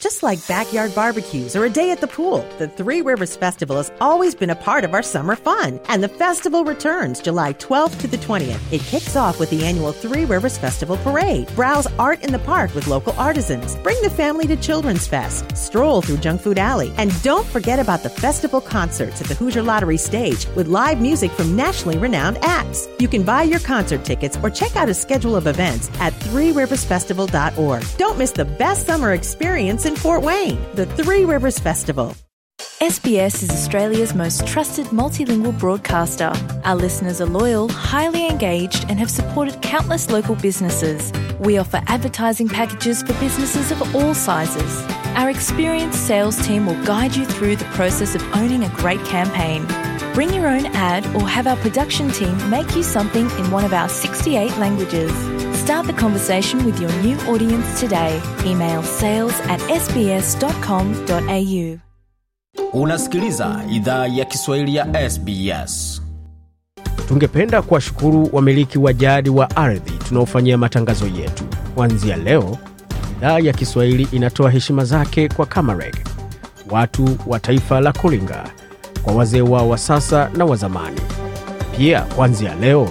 Just like backyard barbecues or a day at the pool, the Three Rivers Festival has always been a part of our summer fun. And the festival returns July 12th to the 20th. It kicks off with the annual Three Rivers Festival Parade. Browse art in the park with local artisans. Bring the family to Children's Fest. Stroll through Junk Food Alley. And don't forget about the festival concerts at the Hoosier Lottery stage with live music from nationally renowned acts. You can buy your concert tickets or check out a schedule of events at threeriversfestival.org. Don't miss the best summer experience in Fort Wayne, the Three Rivers Festival. SBS is Australia's most trusted multilingual broadcaster. Our listeners are loyal, highly engaged, and have supported countless local businesses. We offer advertising packages for businesses of all sizes. Our experienced sales team will guide you through the process of owning a great campaign. Bring your own ad or have our production team make you something in one of our 68 languages. Start the conversation with your new audience today. Email sales at sbs.com.au. Unasikiliza idhaa ya Kiswahili ya SBS. Tungependa kuwashukuru wamiliki wa jadi wa ardhi tunaofanyia matangazo yetu. Kuanzia leo, idhaa ya Kiswahili inatoa heshima zake kwa Kamareg, watu wa taifa la Kulinga, kwa wazee wao wa sasa na wa zamani. Pia kuanzia leo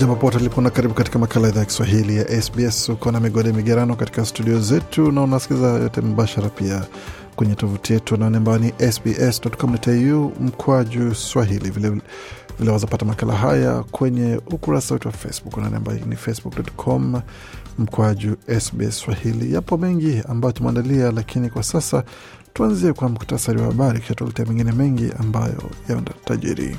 Jambo pote lipo na karibu katika makala ya idhaa ya Kiswahili ya SBS. Uko na migode migerano katika studio zetu na unasikiza yote mbashara pia kwenye tovuti yetu anaone ambayo ni sbs.com.au mkwaju swahili. vile wazapata makala haya kwenye ukurasa wetu wa Facebook anaone ambayo ni facebook.com mkwaju SBS Swahili. Yapo mengi ambayo tumeandalia, lakini kwa sasa tuanzie kwa muktasari wa habari, kisha tuletea mengine mengi ambayo yanatajiri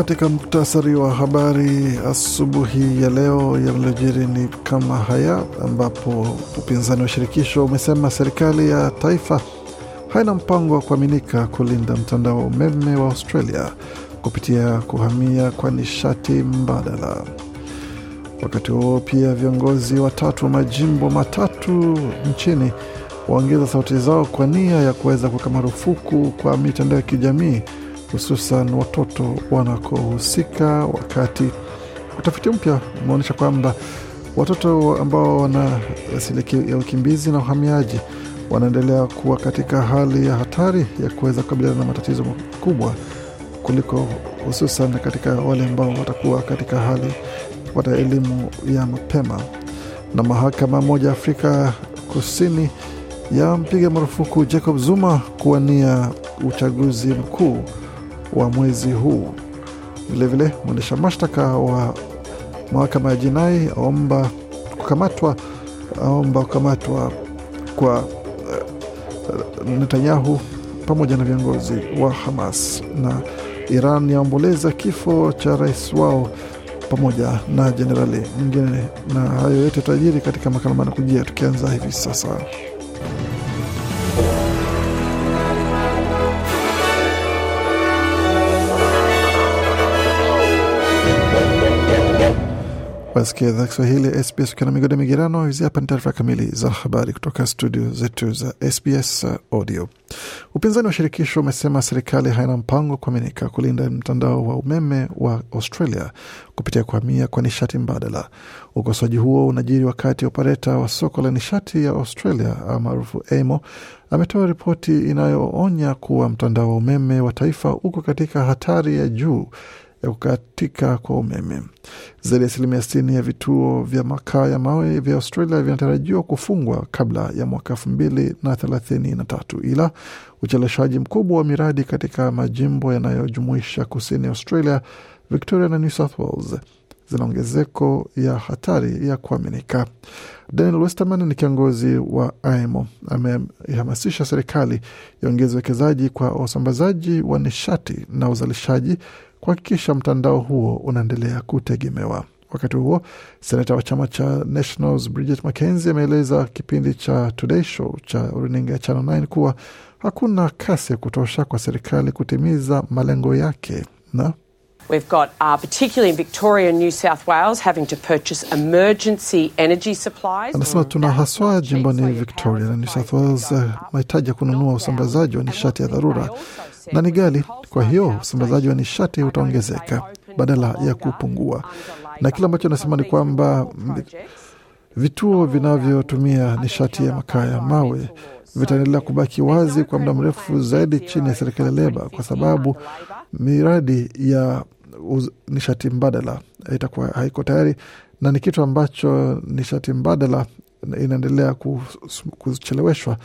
katika muktasari wa habari asubuhi ya leo, yaliyojiri ni kama haya, ambapo upinzani wa shirikisho umesema serikali ya taifa haina mpango wa kuaminika kulinda mtandao wa umeme wa Australia kupitia kuhamia kwa nishati mbadala. Wakati huo pia, viongozi watatu wa majimbo matatu nchini waongeza sauti zao kwa nia ya kuweza kuweka marufuku kwa mitandao ya kijamii hususan watoto wanakohusika. Wakati utafiti mpya umeonyesha kwamba watoto ambao wana asili ya ukimbizi na uhamiaji wanaendelea kuwa katika hali ya hatari ya kuweza kukabiliana na matatizo makubwa kuliko hususan katika wale ambao watakuwa katika hali kupata elimu ya mapema. Na mahakama moja ya Afrika Kusini yampiga marufuku Jacob Zuma kuwania uchaguzi mkuu wa mwezi huu. Vilevile, mwendesha mashtaka wa mahakama ya jinai aomba kukamatwa aomba kukamatwa kwa uh, Netanyahu pamoja na viongozi wa Hamas na Iran yaomboleza kifo cha rais wao pamoja na jenerali mwingine. Na hayo yote tajiri katika makala manakujia, tukianza hivi sasa. Wasikia Kiswahili SBS ukiwa na migode migerano. Hizi hapa ni taarifa kamili za habari kutoka studio zetu za SBS Audio. Upinzani wa shirikisho umesema serikali haina mpango kuaminika kulinda mtandao wa umeme wa Australia kupitia kuhamia kwa nishati mbadala. Ukosoaji huo unajiri wakati opereta wa soko la nishati ya Australia maarufu AEMO ametoa ripoti inayoonya kuwa mtandao wa umeme wa taifa uko katika hatari ya juu ya kukatika kwa umeme. Zaidi ya asilimia sitini ya vituo vya makaa ya mawe vya Australia vinatarajiwa kufungwa kabla ya mwaka elfu mbili na thelathini na tatu, ila ucheleshaji mkubwa wa miradi katika majimbo yanayojumuisha kusini Australia, Victoria na New South Wales zina ongezeko ya hatari ya kuaminika. Daniel Westerman ni kiongozi wa IMO, amehamasisha serikali iongeze uwekezaji kwa usambazaji wa nishati na uzalishaji kuhakikisha mtandao huo unaendelea kutegemewa. Wakati huo seneta wa chama cha Nationals Bridget McKenzie ameeleza kipindi cha Today Show cha runinga ya Channel 9 kuwa hakuna kasi ya kutosha kwa serikali kutimiza malengo yake na We've got uh, particularly in Victoria and New South Wales having to purchase emergency energy supplies. Anasema tuna haswa jimboni Victoria na New South Wales uh, mahitaji ya kununua usambazaji wa nishati ya dharura na ni ghali. Kwa hiyo usambazaji wa nishati utaongezeka badala ya kupungua, na kile ambacho anasema ni kwamba vituo vinavyotumia nishati ya makaa ya mawe vitaendelea kubaki wazi kwa muda mrefu zaidi chini ya serikali ya Leba kwa sababu miradi ya nishati mbadala itakuwa haiko tayari, na ni kitu ambacho nishati mbadala inaendelea kucheleweshwa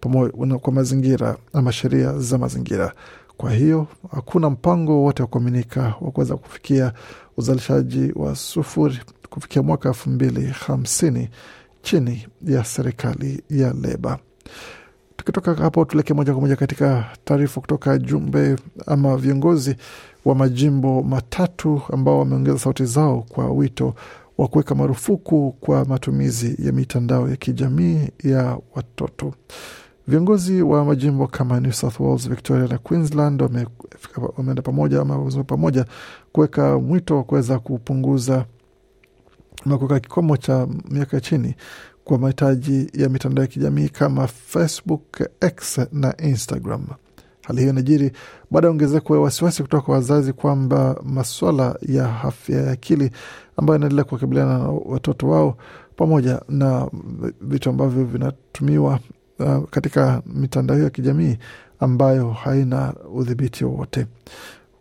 pamoja kwa mazingira ama sheria za mazingira. Kwa hiyo hakuna mpango wote wa kuaminika wa kuweza kufikia uzalishaji wa sufuri kufikia mwaka elfu mbili hamsini chini ya serikali ya Leba. Tukitoka hapo, tuelekee moja kwa moja katika taarifa kutoka jumbe ama viongozi wa majimbo matatu ambao wameongeza sauti zao kwa wito wa kuweka marufuku kwa matumizi ya mitandao ya kijamii ya watoto. Viongozi wa majimbo kama New South Wales, Victoria na Queensland wameenda pamoja ama pamoja kuweka mwito wa kuweza kupunguza na kuweka kikomo cha miaka chini kwa mahitaji ya mitandao ya kijamii kama Facebook, X na Instagram. Hali hiyo inajiri baada ya ongezeko ya wasiwasi kutoka kwa wazazi kwamba maswala ya afya ya akili ambayo inaendelea kuwakabiliana na watoto wao pamoja na vitu ambavyo vinatumiwa uh, katika mitandao ya kijamii ambayo haina udhibiti wowote.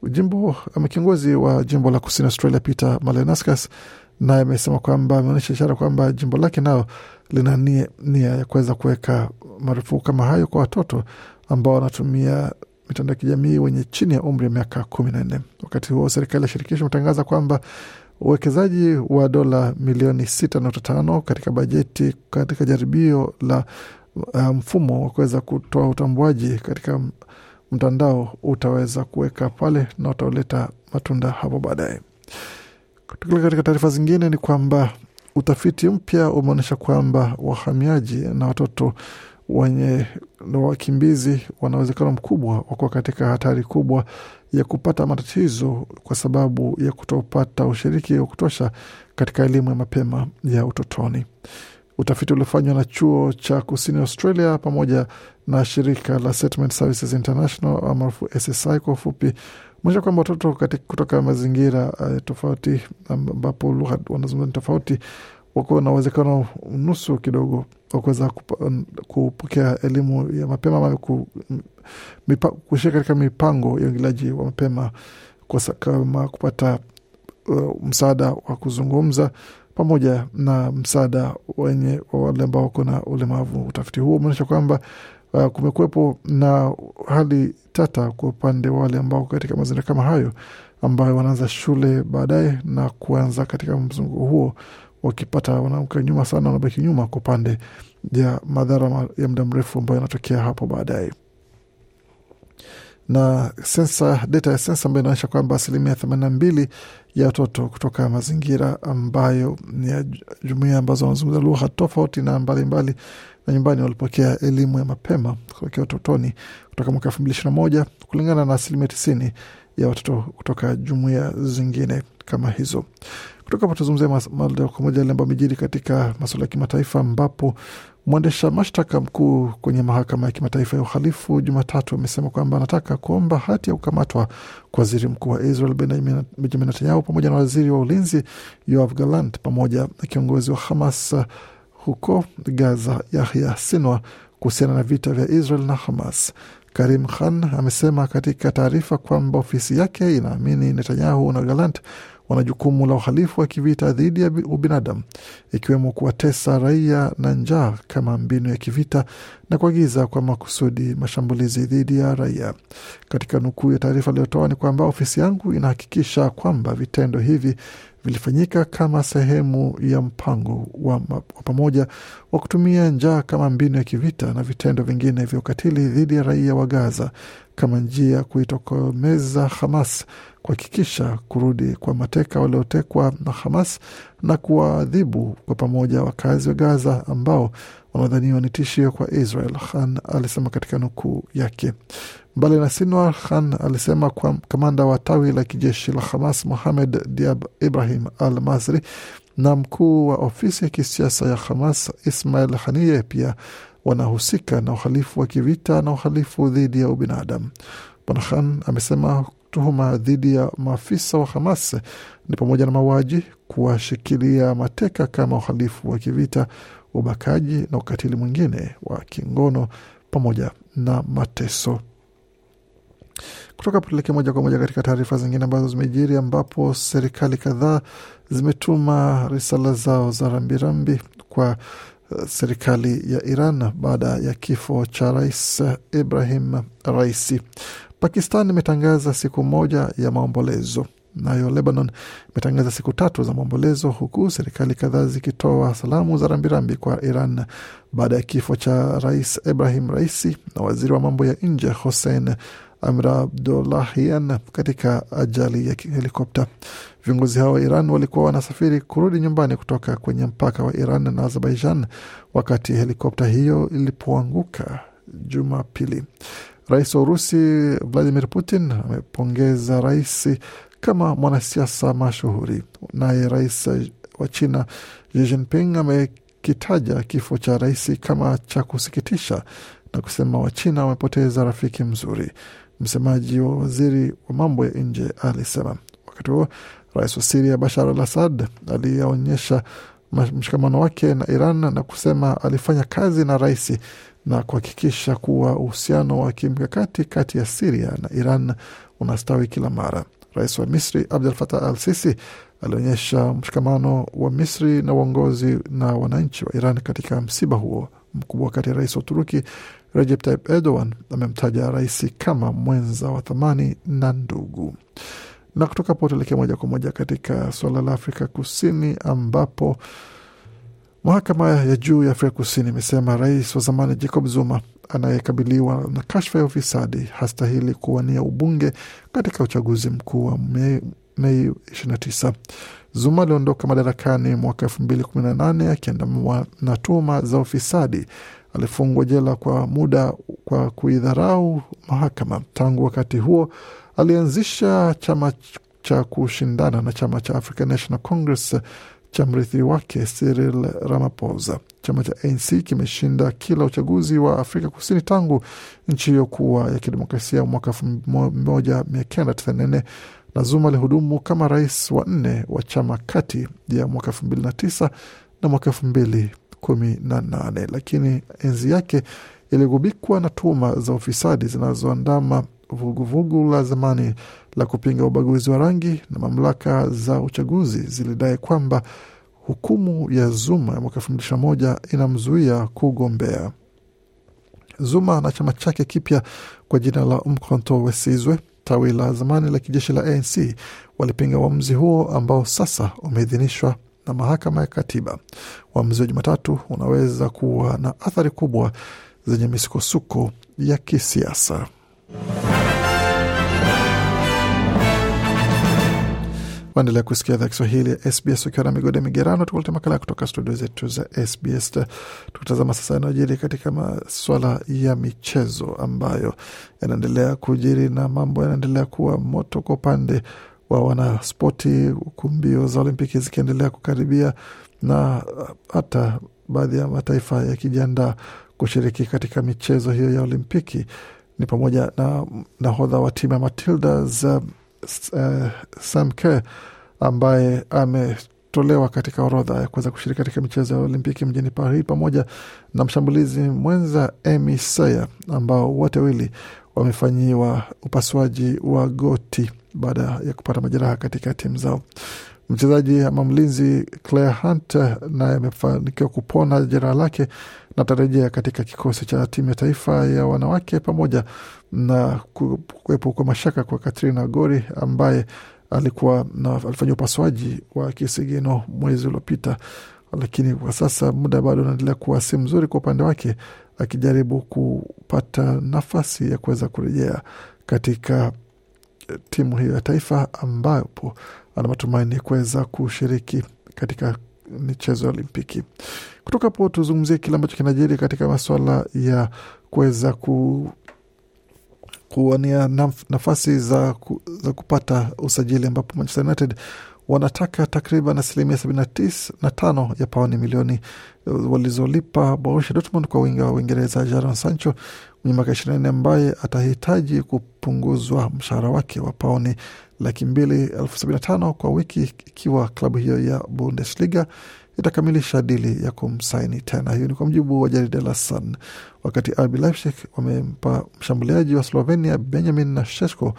Jimbo ama kiongozi wa jimbo la kusini Australia Peter Malenauskas naye amesema kwamba ameonyesha ishara kwamba jimbo lake nao lina nia ya kuweza kuweka marufuku kama hayo kwa watoto ambao wanatumia mitandao ya kijamii wenye chini ya umri ya miaka kumi na nne. Wakati huo serikali ya shirikisho imetangaza kwamba uwekezaji wa dola milioni tano katika bajeti katika jaribio la uh, mfumo wa kuweza kutoa utambuaji katika mtandao utaweza kuweka pale na utaoleta matunda hapo baadaye. Katika taarifa zingine ni kwamba utafiti mpya umeonyesha kwamba wahamiaji na watoto wenye wakimbizi wana uwezekano mkubwa wa kuwa katika hatari kubwa ya kupata matatizo kwa sababu ya kutopata ushiriki wa kutosha katika elimu ya mapema ya utotoni. Utafiti uliofanywa na chuo cha kusini Australia pamoja na shirika la Settlement Services International SSI kwa ufupi unaonyesha kwamba watoto kutoka mazingira uh, tofauti ambapo lugha wanazungumza ni tofauti wako na uwezekano nusu kidogo wa kuweza kupokea elimu ya mapema ama kushiriki katika mipango ya uingiliaji wa mapema kama kupata uh, msaada wa kuzungumza pamoja na msaada wenye wa wale ambao wako na ulemavu. Utafiti huo umeonyesha kwamba uh, kumekuwepo na hali tata kwa upande wa wale ambao katika mazingira kama hayo ambayo wanaanza shule baadaye na kuanza katika mzunguko huo wakipata wanaamka nyuma sana, wanabaki nyuma kwa upande ya madhara ya muda mrefu ambayo yanatokea hapo baadaye na sensa, data ya sensa ambayo inaonyesha kwamba asilimia themanini na mbili ya watoto kutoka mazingira ambayo ni ya jumuia ambazo wanazungumza lugha tofauti na mbalimbali mbali na nyumbani walipokea elimu ya mapema kutokea utotoni kutoka mwaka elfu mbili ishirini na moja kulingana na asilimia tisini ya watoto kutoka jumuia zingine kama hizo. Kutoka hapa tuzungumzia moja kwa moja yale ambayo amejiri katika masuala ya kimataifa, ambapo mwendesha mashtaka mkuu kwenye mahakama ya kimataifa ya uhalifu Jumatatu amesema kwamba anataka kuomba hati ya kukamatwa kwa waziri mkuu wa Israel Benjamin Netanyahu pamoja na waziri wa ulinzi Yoav Gallant pamoja na kiongozi wa Hamas huko Gaza Yahya Sinwar kuhusiana na vita vya Israel na Hamas. Karim Khan amesema katika taarifa kwamba ofisi yake inaamini Netanyahu na Gallant wana jukumu la uhalifu wa kivita dhidi ya ubinadamu, ikiwemo kuwatesa raia na njaa kama mbinu ya kivita na kuagiza kwa makusudi mashambulizi dhidi ya raia. Katika nukuu ya taarifa aliyotoa ni kwamba ofisi yangu inahakikisha kwamba vitendo hivi vilifanyika kama sehemu ya mpango wa, wa pamoja wa kutumia njaa kama mbinu ya kivita na vitendo vingine vya ukatili dhidi ya raia wa Gaza kama njia ya kuitokomeza Hamas kuhakikisha kurudi kwa mateka waliotekwa na Hamas na kuwaadhibu kwa pamoja wakazi wa Gaza ambao wanaodhaniwa ni tishio kwa Israel, Khan alisema katika nukuu yake. Mbali na Sinwar, Khan alisema kwa kamanda wa tawi la kijeshi la Hamas Muhamed Diab Ibrahim Al Masri na mkuu wa ofisi ya kisiasa ya Hamas Ismail Haniye pia wanahusika na uhalifu wa kivita na uhalifu dhidi ya ubinadamu. Bwana Khan amesema tuhuma dhidi ya maafisa wa Hamas ni pamoja na mauaji, kuwashikilia mateka kama uhalifu wa kivita, ubakaji na ukatili mwingine wa kingono pamoja na mateso. Kutoka tuelekee moja kwa moja katika taarifa zingine ambazo zimejiri, ambapo serikali kadhaa zimetuma risala zao za rambirambi kwa eh, serikali ya Iran baada ya kifo cha Rais Ibrahim Raisi. Pakistan imetangaza siku moja ya maombolezo. Nayo Lebanon imetangaza siku tatu za maombolezo, huku serikali kadhaa zikitoa salamu za rambirambi kwa Iran baada ya kifo cha Rais Ibrahim Raisi na waziri wa mambo ya nje Hossein Amir Abdollahian katika ajali ya helikopta. Viongozi hao wa Iran walikuwa wanasafiri kurudi nyumbani kutoka kwenye mpaka wa Iran na Azerbaijan wakati helikopta hiyo ilipoanguka Jumapili. Rais wa Urusi Vladimir Putin amepongeza rais kama mwanasiasa mashuhuri. Naye rais wa China Xi Jinping amekitaja kifo cha rais kama cha kusikitisha na kusema Wachina wamepoteza rafiki mzuri. Msemaji wa waziri wa mambo ya nje alisema. Wakati huo rais wa Siria Bashar al Assad aliyeonyesha mshikamano wake na Iran na kusema alifanya kazi na raisi na kuhakikisha kuwa uhusiano wa kimkakati kati ya Siria na Iran unastawi kila mara. Rais wa Misri Abdel Fattah al Sisi alionyesha mshikamano wa Misri na uongozi na wananchi wa Iran katika msiba huo mkubwa. Wakati ya rais wa Uturuki Recep Tayyip Erdogan amemtaja rais kama mwenza wa thamani na ndugu. Na kutoka hapo tuelekea moja kwa moja katika suala la Afrika Kusini ambapo Mahakama ya juu ya Afrika Kusini imesema rais wa zamani Jacob Zuma anayekabiliwa na kashfa ya ufisadi hastahili kuwania ubunge katika uchaguzi mkuu wa Mei 29. Zuma aliondoka madarakani mwaka 2018 akiandamwa na tuhuma za ufisadi. Alifungwa jela kwa muda kwa kuidharau mahakama. Tangu wakati huo alianzisha chama cha kushindana na chama cha African National Congress cha mrithi wake Cyril Ramaphosa. Chama cha ANC kimeshinda kila uchaguzi wa Afrika Kusini tangu nchi hiyo kuwa ya kidemokrasia mwaka 1994 na Zuma alihudumu kama rais wa nne wa chama kati ya mwaka 2009 na mwaka 2018, lakini enzi yake iligubikwa na tuhuma za ufisadi zinazoandama vuguvugu la zamani la kupinga ubaguzi wa rangi na mamlaka za uchaguzi zilidai kwamba hukumu ya Zuma ya mwaka elfu mbili ishirini na moja inamzuia kugombea. Zuma na chama chake kipya kwa jina la Umkhonto wesizwe tawi la zamani la kijeshi la ANC, walipinga uamuzi huo ambao sasa umeidhinishwa na mahakama ya katiba. Uamuzi wa Jumatatu unaweza kuwa na athari kubwa zenye misukosuko ya kisiasa. Waendelea kusikia idhaa Kiswahili ya SBS ukiwa na migode migerano, tukulete makala kutoka studio zetu za SBS. Tukutazama sasa yanayojiri katika maswala ya michezo ambayo yanaendelea kujiri na mambo yanaendelea kuwa moto kwa upande wa wanaspoti, huku mbio za Olimpiki zikiendelea kukaribia na uh, hata baadhi ya mataifa yakijiandaa kushiriki katika michezo hiyo ya Olimpiki. Ni pamoja na nahodha wa timu ya Matildas um, uh, eh, Samke ambaye ametolewa katika orodha ya kuweza kushiriki katika michezo ya Olimpiki mjini Paris pamoja na mshambulizi mwenza Emi Sayer ambao wote wawili wamefanyiwa upasuaji wa goti baada ya kupata majeraha katika timu zao. Mchezaji ama mlinzi Claire Hunt naye amefanikiwa kupona jeraha lake na tarejea katika kikosi cha timu ya taifa ya wanawake pamoja na kuwepo kwa mashaka kwa Katrina Gori ambaye alikuwa alifanyia upasuaji wa kisigino mwezi uliopita, lakini kwa sasa muda bado unaendelea kuwa si mzuri kwa upande wake, akijaribu kupata nafasi ya kuweza kurejea katika eh, timu hiyo ya taifa, ambapo ana matumaini kuweza kushiriki katika michezo ya Olimpiki. Kutoka hapo tuzungumzie kile ambacho kinajiri katika masuala ya kuweza ku kuwania nafasi za, ku, za kupata usajili ambapo Manchester United wanataka takriban asilimia sabini na tano ya paoni milioni eh, walizolipa Borussia Dortmund kwa winga wa Uingereza Jadon Sancho mwenye miaka ishirini na nne ambaye atahitaji kupunguzwa mshahara wake wa paoni laki mbili elfu sabini na tano kwa wiki ikiwa klabu hiyo ya Bundesliga itakamilisha dili ya kumsaini tena. Hiyo ni kwa mujibu wa jarida la Sun. Wakati RB Leipzig wamempa mshambuliaji wa Slovenia Benjamin Naseshko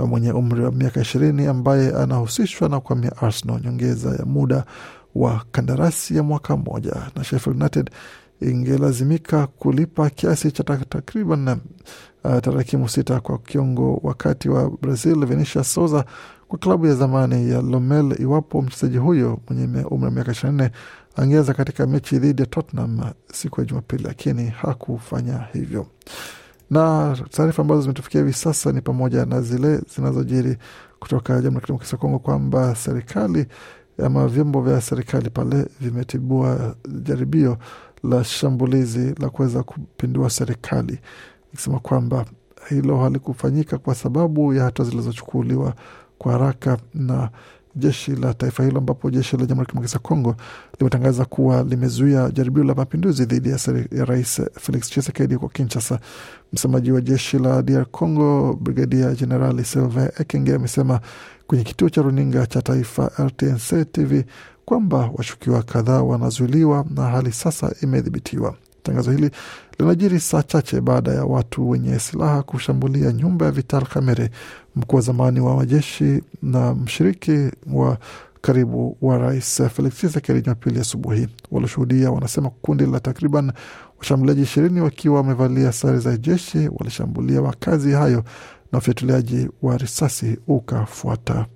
eh, mwenye umri wa miaka ishirini ambaye anahusishwa na kuhamia Arsenal nyongeza ya muda wa kandarasi ya mwaka mmoja, na Sheffield United ingelazimika kulipa kiasi cha takriban uh, tarakimu sita kwa kiungo wakati wa Brazil Vinicius Souza kwa klabu ya zamani ya Lomel iwapo mchezaji huyo mwenye umri wa miaka 24 angeza katika mechi dhidi ya Tottenham siku ya Jumapili, lakini hakufanya hivyo. Na taarifa ambazo zimetufikia hivi sasa ni pamoja na zile zinazojiri kutoka Jamhuri ya Kidemokrasia ya Kongo kwamba serikali ama vyombo vya serikali pale vimetibua jaribio la shambulizi la kuweza kupindua serikali, ikisema kwamba hilo halikufanyika kwa sababu ya hatua zilizochukuliwa kwa haraka na jeshi la taifa hilo ambapo jeshi la Jamhuri ya Kidemokrasia ya Kongo limetangaza kuwa limezuia jaribio la mapinduzi dhidi ya Rais Felix Tshisekedi huko Kinshasa. Msemaji wa jeshi la DR Congo, Brigadia Jenerali Sylvain Ekenge, amesema kwenye kituo cha runinga cha taifa RTNC TV kwamba washukiwa kadhaa wanazuiliwa na hali sasa imedhibitiwa. Tangazo hili linajiri saa chache baada ya watu wenye silaha kushambulia nyumba ya Vital Kamerhe, mkuu wa zamani wa majeshi na mshiriki wa karibu wa rais Felix Tshisekedi Jumapili asubuhi. Walioshuhudia wanasema kundi la takriban washambuliaji ishirini wakiwa wamevalia sare za jeshi walishambulia makazi hayo na ufyatuliaji wa risasi ukafuata.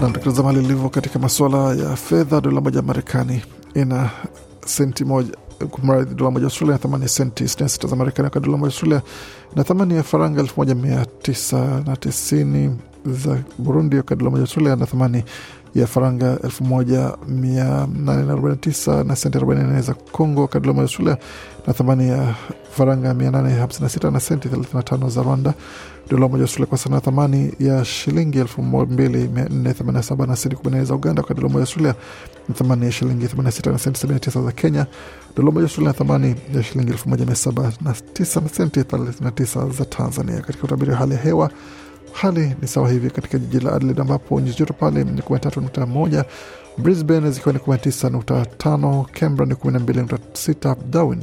Na tukitazama ilivyo katika masuala ya fedha, dola moja Marekani ina senti moja kumradhi, dola moja Australia na thamani senti 66 za Marekani, kwa dola moja Australia na thamani ya faranga 1990 za Burundi, kwa dola moja Australia na thamani ya faranga 1849 na senti 44 za Kongo, kadla Marsula na thamani ya faranga 856 na senti 35 za Rwanda. Dola moja Australia kwa sana thamani ya shilingi 2487 na senti 14 za Uganda, wakati dola moja Australia na thamani ya shilingi 86 na senti 79 za Kenya. Dola moja Australia na thamani ya shilingi 1709 na senti 39 za Tanzania. Katika utabiri wa hali ya hewa Hali ni sawa hivi katika jiji la Adelaide ambapo nyuzi joto pale ni 13.1, Brisbane zikiwa ni 19.5, Canberra ni 12.6, Darwin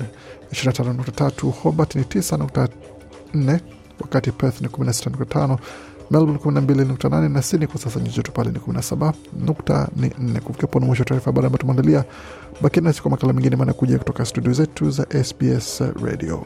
25.3, Hobart ni 9.4, wakati Perth ni 16.5, Melbourne 12.8 na Sydney kwa sasa nyuzi joto pale ni 17.4. Kufikia pona mwisho wa taarifa habari ambayo tumeandalia. Bakini nasi kwa makala mengine manakuja kutoka studio zetu za SBS Radio.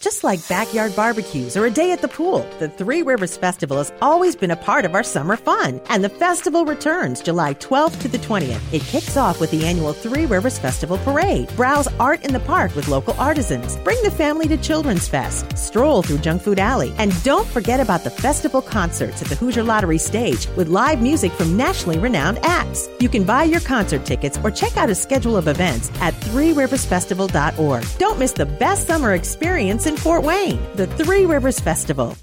Just like backyard barbecues or a day at the pool, the Three Rivers Festival has always been a part of our summer fun. And the festival returns July 12th to the 20th. It kicks off with the annual Three Rivers Festival Parade. Browse art in the park with local artisans. Bring the family to Children's Fest. Stroll through Junk Food Alley. And don't forget about the festival concerts at the Hoosier Lottery stage with live music from nationally renowned acts. You can buy your concert tickets or check out a schedule of events at threeriversfestival.org. Don't miss the best summer experience in Fort Wayne, the Three Rivers Festival.